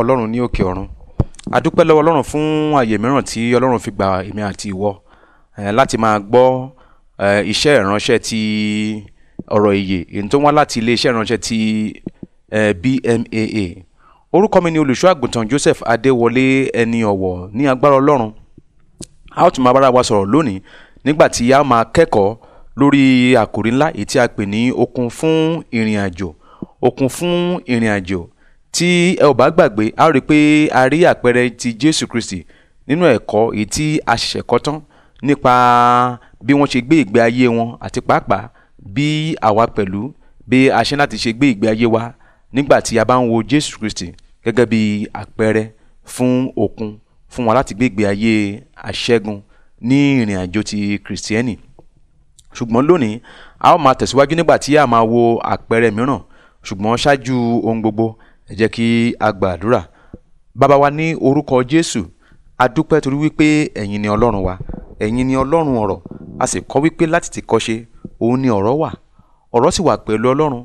ọlọ́run ní òkè ọ̀run adúpẹ́ lọ́wọ́ ọlọ́run fún àyè mìíràn tí ọlọ́run fi gba èmi àti ìwọ láti máa gbọ́ iṣẹ́ ìránṣẹ́ ti ọ̀rọ̀ ìyè èyí tó wá láti iléeṣẹ́ ìránṣẹ́ ti BMAA orúkọ mi ni olùṣọ́ àgùntàn Joseph Adéwọlé ẹni ọ̀wọ̀ ní agbára ọlọ́run a ó tún máa bára wa sọ̀rọ̀ lónìí nígbà tí a máa kẹ́kọ̀ọ́ lórí àkòrí ńlá èyí tí a pè ní okun fún ìrìn àjò okun fún ìrìn àjò tí ẹ ò bá gbàgbé a rí i pé a rí àpẹẹrẹ ti Jésù Kristi nínú ẹ̀kọ́ èyí tí a ṣẹ̀ṣẹ̀ kọ́ tán nípa bí wọ́n ṣe gbé ìgbé ayé wọn àti pàápàá bí àwa pẹ̀lú bí a ṣe láti ṣe gbé ìgbé ayé wa nígbà tí a bá ń wo Jésù Kristi gẹ́gẹ́ bí àpẹẹrẹ fún òkun fún wa láti gbé ìgbé ayé àṣẹ́gun ní ìrìn àjò ti Kristiẹ́nì ṣùgbọ́n lónìí a ó máa tẹ̀síwájú nígbà tí a máa wo àpẹẹrẹ mìíràn ṣùgbọ́n ṣáájú ohun gbogbo ẹ jẹ́ kí a gbàdúrà bàbá wa ní orúkọ Jésù adúpẹ́ torí wípé ẹ̀yin ni ọlọ́run wa ẹ̀yin ni ọlọ́run ọ̀rọ̀ a sì kọ́ wípé láti ti kọ́ṣe òun ni ọ̀rọ̀ wà ọ̀rọ̀ sì wà pẹ̀lú ọlọ́run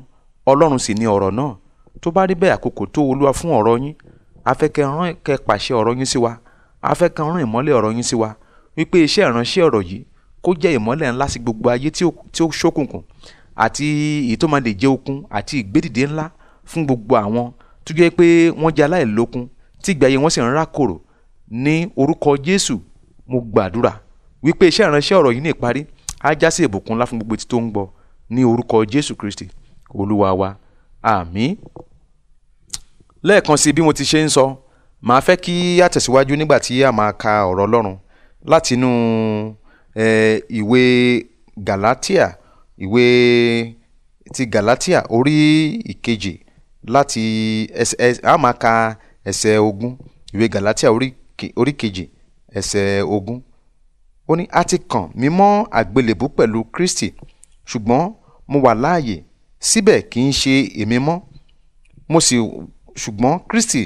ọlọ́run sì ni ọ̀rọ̀ náà tó bá rí bẹ́ẹ̀ àkókò tó olúwa fún ọ̀rọ̀ yín a fẹ́ kẹ́ rán kẹ́ pàṣẹ ọ̀rọ̀ yín sí wa a fẹ́ kẹ́ rán ìmọ́lẹ̀ ọ̀rọ̀ yín sí wa wípé iṣẹ́ ìránṣẹ́ ọ̀rọ̀ yìí kó jẹ́ ìmọ́lẹ̀ ńlá sí gbogbo ayé tí ó ṣókùnkùn àti èyí tó máa lè jẹ́ okun àti ìgbédìde ńlá fún gbogbo àwọn tó jẹ́ pé wọ́n jẹ́ aláìlókun tí ìgbé ayé wọn sì ń rákòrò ní orúkọ Jésù mo gbàdúrà wípé iṣẹ́ ìránṣẹ́ ọ̀rọ̀ yìí ní ìparí á já sí ìbùkún ńlá fún gbogbo etí tó ń gbọ́ ní orúkọ Jésù Kristi olúwa wa àmín lẹ́ẹ̀kan sí bí mo ti ṣe ń sọ màá fẹ́ kí a tẹ̀síwájú nígbà tí a máa ka ọ̀rọ̀ Ọlọ́run látinú ìwé Galatia ìwé ti Galatia orí ìkejì láti ẹsẹ̀ ẹsẹ̀ a máa ka ẹsẹ̀ ogún ìwé Gàlátíà orí kejì ẹsẹ̀ ogún ó ní a ti kàn mí mọ́ àgbélébú pẹ̀lú Kristi ṣùgbọ́n mo wà láàyè síbẹ̀ kì í ṣe èmi mọ́ mo sì ṣùgbọ́n Kristi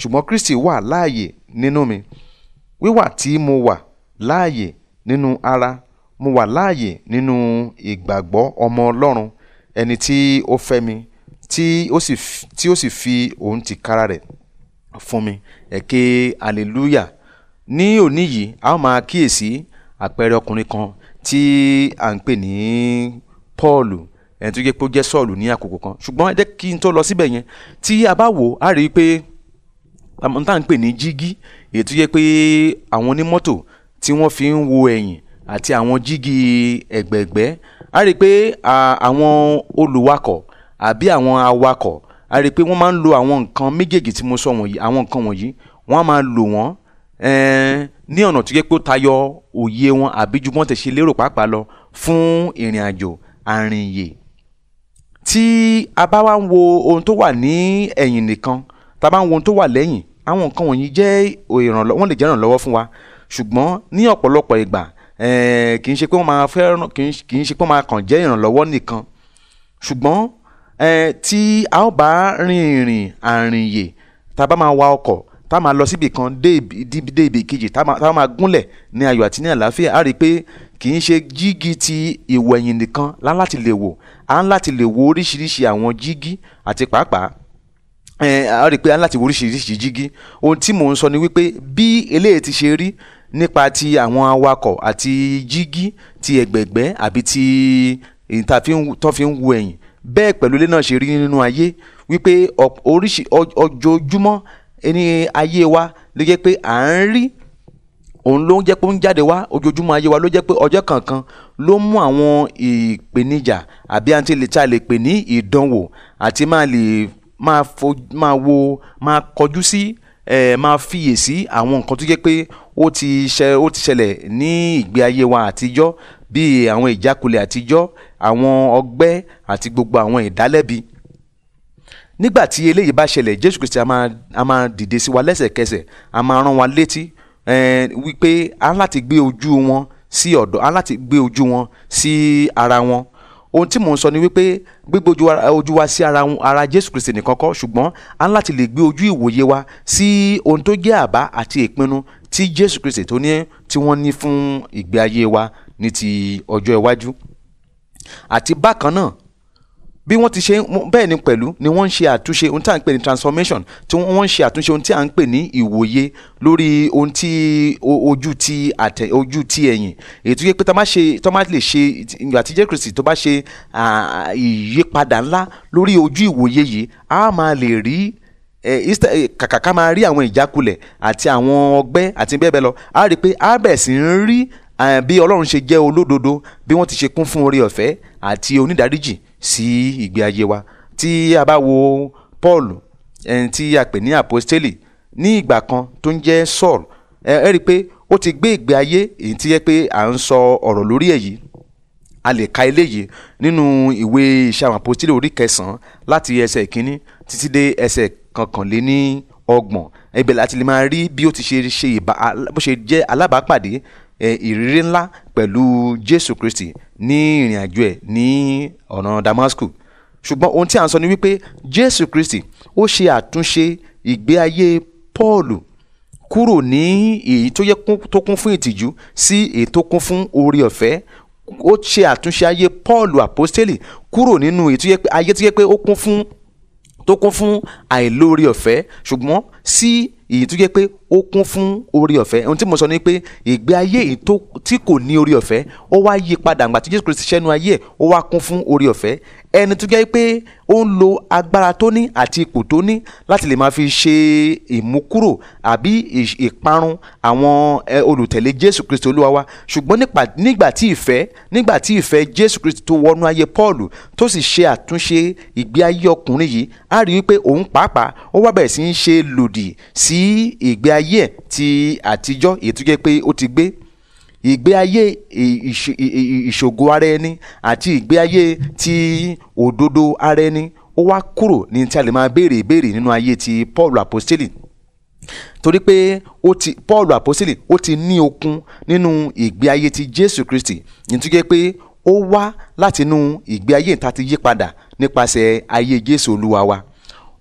ṣùgbọ́n Kristi wà láàyè nínú mi wíwà tí mo wà láàyè nínú ara mo wà láàyè nínú ìgbàgbọ́ ọmọ Ọlọ́run ẹni tí ó fẹ́ mi tí ó sì tí ó sì fi òun tìkára rẹ̀ fún mi ẹ ké hallelujah ní òní yìí a ó máa kíyèsí àpẹẹrẹ ọkùnrin kan tí à ń pè ní Paul ẹni tó jẹ́ pé ó jẹ́ Sọ́ọ̀lù ní àkókò kan ṣùgbọ́n ẹ jẹ́ kí n tó lọ síbẹ̀ yẹn tí a bá wò á rí i pé àwọn tá à ń pè ní jígí èyí tó pé àwọn onímọ́tò tí wọ́n fi ń wo ẹ̀yìn àti àwọn jígí ẹ̀gbẹ̀ẹ̀gbẹ́ á rí i pé àwọn olùwakọ̀ àbí àwọn awakọ̀ a rí i pé wọ́n máa ń lo àwọn nǹkan méjèèjì tí mo sọ wọ̀nyí àwọn nǹkan wọ̀nyí wọ́n á máa lò wọ́n eh, ní ọ̀nà tó yẹ pé ó tayọ òye wọn àbí ju wọ́n ti ṣe lérò pàápàá lọ fún ìrìn àjò àrìnyè tí a bá wá ń wo ohun tó wà ní ẹ̀yìn nìkan tá a bá ń wo ohun tó wà lẹ́yìn àwọn nǹkan wọ̀nyí jẹ́ ìrànlọ́wọ́ wọ́n lè jẹ́ ìrànlọ́wọ́ fún wa ṣùgbọ́n ní ọ̀pọ̀lọpọ̀ ìgbà eh, kì í ṣe pé wọ́n máa kàn jẹ́ ìrànlọ́wọ́ nìkan ṣùgbọ́n ẹ tí a ó bá rin ìrìn àrìnyè tá a bá máa wa ọkọ̀ tá a máa lọ síbi kan dé ibi kejì tá a máa gúnlẹ̀ ní ayọ̀ àti ní àlàáfíà á rí i pé kì í ṣe jígí ti ìwẹ̀yìn nìkan láláti lè wò á ń láti lè wo oríṣiríṣi àwọn jígí àti pàápàá ẹ á rí i pé á láti wo oríṣiríṣi jígí ohun tí mò ń sọ ni wípé bí eléyìí ti ṣe rí nípa ti àwọn awakọ̀ àti jígí ti ẹ̀gbẹ̀gbẹ́ àbí ti ìta tó fi ń wo ẹ̀yìn bẹ́ẹ̀ pẹ̀lú ilé náà ṣe rí nínú ayé wípé oríṣi ọjọ́júmọ́ ní ayé wa ló jẹ́ pé à ń rí òun ló ń jẹ́ pé ó ń jáde wá ojoojúmọ́ ayé wa ló jẹ́ pé ọjọ́ kankan ló mú àwọn ìpèníjà àbí àǹtí lè ta lè pè ní ìdánwò àti máa lè máa fo máa wo máa kọjú sí ẹ máa fiyèsí àwọn nǹkan tó jẹ́ pé ó ti ṣẹlẹ̀ ní ìgbé ayé wa àtijọ́ bíi àwọn ìjákulẹ̀ àtijọ́ àwọn ọgbẹ́ àti gbogbo àwọn ìdálẹ́bi nígbà tí eléyìí bá ṣẹlẹ̀ jésù kristi a máa dìde sí wa lẹ́sẹ̀kẹsẹ̀ a máa rán wa létí wípé a láti gbé ojú wọn sí ọ̀dọ̀ a láti gbé ojú wọn sí ara wọn ohun tí mò ń sọ ni wípé gbígbé ojú wa sí ara ara jésù kristi nìkan kọ́ ṣùgbọ́n a láti lè gbé ojú ìwòye wa sí ohun tó jẹ́ àbá àti ìpinnu tí jésù kristi tó ní tí wọ́n ní fún ìgbé ayé wa ní ti ọjọ́ iwájú. E àti bákan náà bí wọ́n ti ṣe bẹ́ẹ̀ ni pẹ̀lú ni wọ́n ń ṣe àtúnṣe ohun tí à ń pè ní transformation tí wọ́n ń ṣe àtúnṣe ohun tí à ń pè ní ìwòye lórí ohun tí ojú ti àtẹ ojú ti ẹ̀yìn èyí tó yẹ pé tó má ṣe tó má lè ṣe ìgbà tí jẹ́ kristi tó bá ṣe ìyípadà ńlá lórí ojú ìwòye yìí a máa lè rí kàkàká máa rí àwọn ìjákulẹ̀ àti àwọn ọgbẹ́ àti bẹ́ẹ̀ bẹ́ẹ̀ lọ a rí pé a bẹ̀ sí ń rí Eh, bí ọlọ́run ṣe jẹ́ olódodo bí wọ́n ti ṣe kún fún oore ọ̀fẹ́ àti onídàríjì sí ìgbé ayé wa tí a bá wo Paul ẹni eh, tí a pè ní apostoli ní ìgbà kan tó ń jẹ́ Saul ẹ eh, ẹ rí i pé ó ti gbé ìgbé ayé èyí tí yẹ pé à ń sọ ọ̀rọ̀ lórí èyí a lè ka eléyìí nínú ìwé iṣẹ́ apostoli orí kẹsàn-án láti ẹsẹ̀ ìkíní títí dé ẹsẹ̀ kọkànléní ọgbọ̀n ibẹ̀ láti lè máa rí bí ó ti ṣe ṣe ìbá bó ṣe jẹ́ alábàápàdé ìrírí ńlá pẹ̀lú Jésù Kristi ní ìrìn àjò ẹ̀ ní ọ̀nà Damascus ṣùgbọ́n ohun tí a ń sọ ni wípé Jésù Kristi ó ṣe àtúnṣe ìgbé ayé Pọ́ọ̀lù kúrò ní èyí tó kún fún ìtìjú sí èyí tó kún fún oore ọ̀fẹ́ ó ṣe àtúnṣe ayé Pọ́ọ̀lù àpọ́stélì kúrò nínú ayé tó yẹ pé ó kún fún tó kún fún àìlóore ọ̀fẹ́ ṣùgbọ́n sí èyí tó yẹ pé ó kún fún orí ọ̀fẹ́ ohun tí mo sọ ni pé ìgbé ayé èyí tí kò ní orí ọ̀fẹ́ ó wá yí padà ǹgbà tí Jésù Kristi ṣẹ́nu ayé ẹ̀ ó wá kún fún orí ọ̀fẹ́ ẹni tó jẹ́ pé ó ń lo agbára tó ní àti ipò tó ní láti lè máa fi ṣe ìmúkúrò àbí ìparun àwọn olùtẹ̀lé Jésù Kristi Olúwa wa ṣùgbọ́n nígbà tí ìfẹ́ nígbà tí ìfẹ́ Jésù Kristi tó wọnú ayé Paul tó sì ṣe àtúnṣe ìgbé ayé ọkùnrin yìí á rí i pé òun pàápàá ó wá bẹ̀rẹ̀ sí í ṣe lòdì sí ìgbé ayé ẹ̀ ti àtijọ́ èyí tó jẹ́ pé ó ti gbé ìgbé ayé ìṣògo ara ẹni àti ìgbé ayé ti òdodo ara ẹni ó wá kúrò ní tí a lè máa béèrè ìbéèrè nínú ayé ti Paul apostoli torí pé ó ti Paul apostoli ó ti ní okun nínú ìgbé ayé ti Jésù Kristi nítorí pé ó wá láti inú ìgbé ayé ìta ti yí padà nípasẹ̀ ayé Jésù Olúwa wa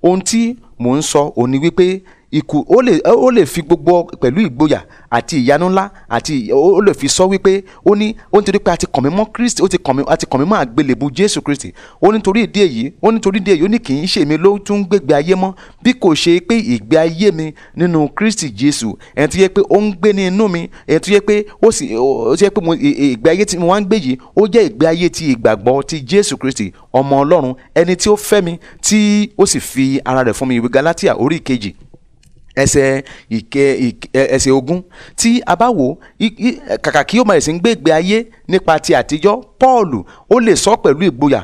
ohun tí mò ń sọ òní wípé ikú ó lè ó lè fi gbogbo pẹ̀lú ìgboyà àti ìyanu ńlá àti ó lè fi sọ wípé ó ní ó nítorí pé a ti kàn mí mọ́ Kristi ó ti kàn mí a ti kàn mí mọ́ àgbélébù Jésù Kristi ó nítorí ìdí èyí ó nítorí ìdí èyí ó ní kì í ṣe mi ló tún gbégbé ayé mọ́ bí kò ṣe pé ìgbé ayé mi nínú Kristi Jésù ẹni tó yẹ pé ó ń gbé ní inú mi ẹni tó yẹ pé ó sì ó yẹ pé ìgbé ayé tí mo wá ń gbé yìí ó jẹ́ ìgbé ayé ti ìgbàgbọ́ ti Jésù Kristi ọmọ Ọlọ́run ẹni tí ó fẹ́ mi tí ó sì fi ara rẹ̀ fún mi ìwé Gálátíà orí kejì ẹsẹ̀ ìkẹ ẹsẹ̀ ogun tí a bá wò kàkà kí ó máa ẹ̀sìn gbégbé ayé nípa ti àtijọ́ Pọ́ọ̀lù ó lè sọ pẹ̀lú ìgboyà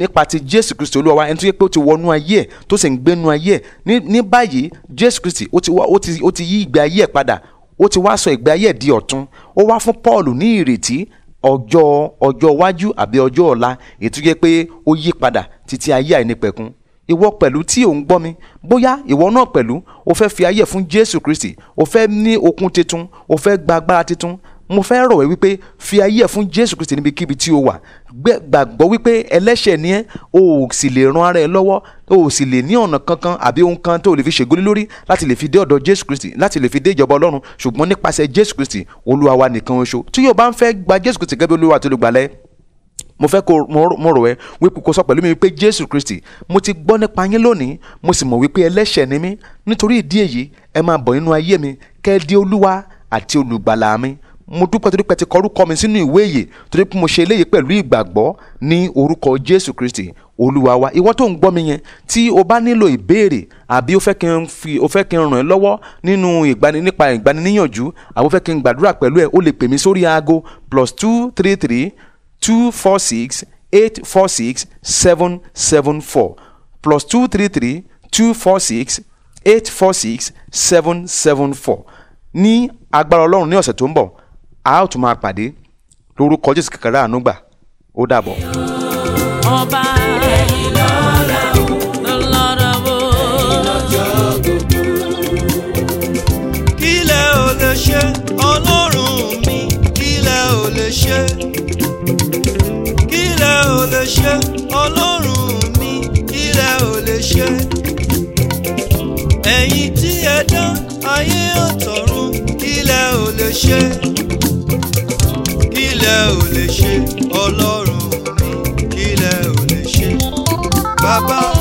nípa ti Jésù Kristi Olúwa wa ẹni tó yẹ pé ó ti wọnú ayé ẹ̀ tó sì ń gbénú ayé ẹ̀ ní báyìí Jésù Kristi ó ti yí ìgbé ayé ẹ̀ padà ó ti wá sọ ìgbé ayé ẹ̀ di ọ̀tun ó wá fún Pọ́ọ̀lù ní ìrètí ọjọ́ ọjọ́ iwájú àbí ọjọ́ ọ̀la ètò yẹ pé ó yí padà títí ayé àìnípẹ̀kun ìwọ pẹ̀lú tí ò ń gbọ́ mi bóyá ìwọ náà pẹ̀lú o fẹ́ fi ayé fún Jésù Kristi o fẹ́ ní okun titun o fẹ́ gba agbára titun mo fẹ́ rọ̀ ẹ́ wípé fi ayé ẹ̀ fún Jésù Kristi níbikíbi tí o wà gbàgbọ́ wípé ẹlẹ́ṣẹ̀ ni ẹ́ o ò sì lè ran ara ẹ lọ́wọ́ o ò sì lè ní ọ̀nà kankan àbí ohun kan tó lè fi ṣègúlé lórí láti lè fi dé ọ̀dọ̀ Jésù Kristi láti lè fi dé ìjọba Ọlọ́run ṣùgbọ́n nípasẹ̀ Jésù Kristi Olúwa wa nìkan ṣoṣo tí yóò bá ń fẹ́ gba Jésù Kristi gẹ́gẹ́ bí Olúwa tó lè gbà mo fẹ́ kó mo rò ẹ́ wípé kó sọ pẹ̀lú mi pé jésù kristi mo ti gbọ́ nípa yín lónìí mo sì mọ̀ wípé ẹlẹ́ṣẹ̀ ni mí nítorí ìdí èyí ẹ máa bọ̀ nínú ayé mi kẹ́ ẹ di olúwa àti olùgbàlà mi mo dúpẹ́ torí pé ti kọrúkọ mi sínú ìwé yìí torí pé mo ṣe eléyìí pẹ̀lú ìgbàgbọ́ ní orúkọ jésù kristi olúwa wa ìwọ tó ń gbọ́ mi yẹn tí o bá nílò ìbéèrè àbí o fẹ́ kí n fi o fẹ́ kí n ràn ẹ́ lọ́wọ́ nínú ìgbani nípa ìgbaniníyànjú àbí o fẹ́ kí n gbàdúrà pẹ̀lú ẹ o lè pè mí sórí aago plus two three three two four six eight four six seven seven four plus two three three two four six eight four six seven seven four ní agbára ọlọ́run ní ọ̀sẹ̀ tó ń bọ̀ a ó tún máa pàdé lórúkọ jésù kékeré àánú ó dàbọ̀. ọba ṣe ẹ̀yin tí ẹ dán ayé ọ̀tọ̀run ilẹ̀ ò lè ṣe ilẹ̀ ò lè ṣe ọlọ́run mi ilẹ̀ ò lè ṣe bàbá.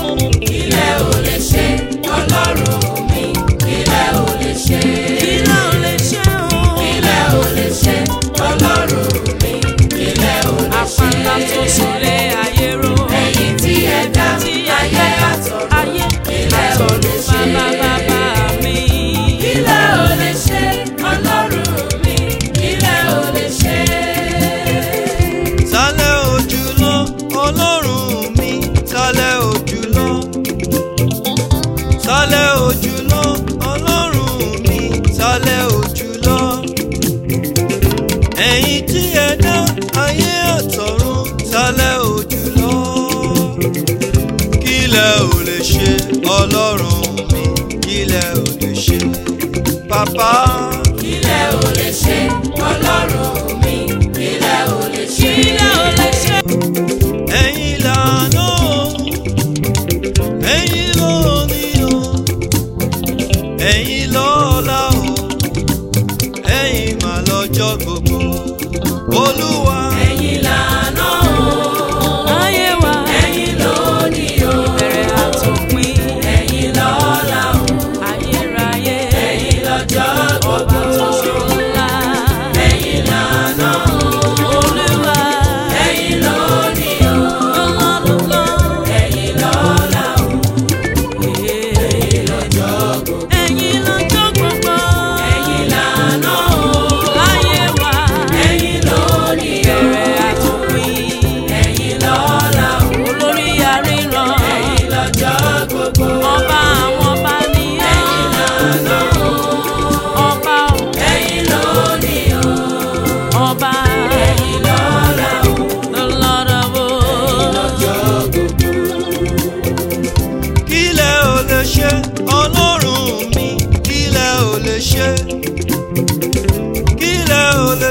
òjùlọ ọlọ́run mi sálẹ̀ òjùlọ. ẹ̀yin tí ẹ dá ayé àtọ̀run sálẹ̀ òjùlọ. kílẹ̀ ò lè ṣe ọlọ́run mi kílẹ̀ ò lè ṣe bàbá. kílẹ̀ ò lè ṣe ọlọ́run mi kílẹ̀ ò lè ṣe. kílẹ̀ ò lè ṣe.